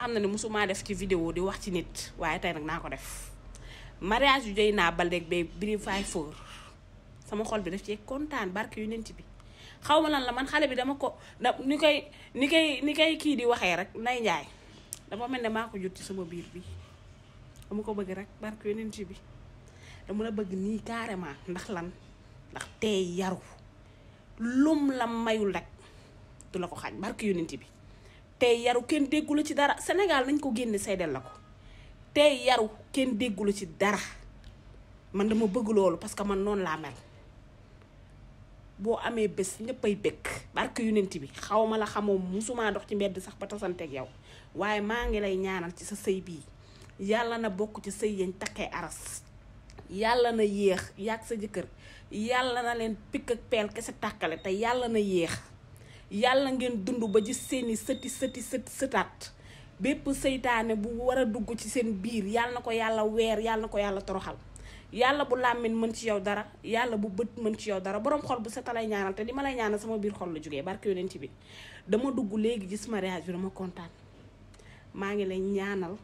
xam na ne mosumaa def ci vidéo di wax ci nit waaye tey nag naa ko def mariage yu jëy naa baldeeg bay Bril Five foor sama xol bi daf cee kontaan barke yu nent bi xaw ma lan la man xale bi dama ko da ni koy ni koy ni koy kii di waxee rek nday njaay dafa mel ne maa ko jot ci sama biir bi dama ko bëgg rek barke yu nent bi dama la bëgg nii carrément ndax lan ndax te yaru lum la mayul rek du la ko xañ barke yu nent bi tey yaru kenn déggulu ci dara Sénégal nañ ko génne seddel la ko tey yaru kenn déggulu ci dara man dama bëgg loolu parce que man noonu laa mel boo amee bés ñëppay bëgg barke yonent bi xaw ma la xamoo musuma dox ci mbedd sax ba tasanteeg yow waaye maa ngi lay ñaanal ci sa sëy bii yàlla na bokk ci sëy yañ takkee aras yàlla na yéex yàgg sa jëkkër yàlla na leen pikk ak peel kese tàkkale te yàlla na yéex yàlla ngeen dund ba gis seeni sëti sëti sët sëtaat bépp seytaane bu war a dugg ci seen biir yàlla na ko yàlla weer yàlla na ko yàlla toroxal yàlla bu làmmiñ mën ci yow dara yàlla bu bët mën ci yow dara borom xol bu setalay ñaanal te li ma lay ñaanal sama biir xol la jógee barke yonent bi dama dugg léegi gis mariage bi dama kontaan maa ngi lay ñaanal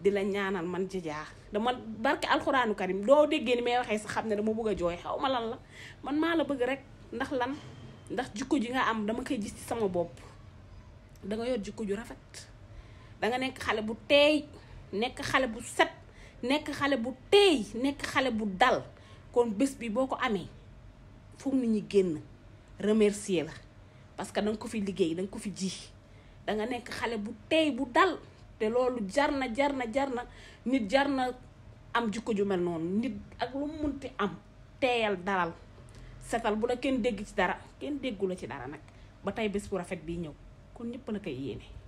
di la ñaanal man jajaa dama barke alxuraanu karim doo déggee ni may waxee sa xam ne dama bëgg a jooy xaw lan la man maa la bëgg rek ndax lan ndax jukko ji nga am dama koy gis ci sama bopp da nga yor jikko ju rafet da nga nekk xale bu teey nekk xale bu set nekk xale bu teey nekk xale bu dal kon bés bi boo ko amee foog nit ñi génn remercier la parce que da ko fi liggéey da ko fi ji da nga nekk xale bu teey bu dal te loolu jar na jar na jar na nit jar na am jukko ju mel noonu nit ak lu munti am teeyal dalal setal bu na kenn dégg ci dara kenn déggula ci dara nag ba tey bés bu rafet bii ñëw kon ñëpp la koy yéene.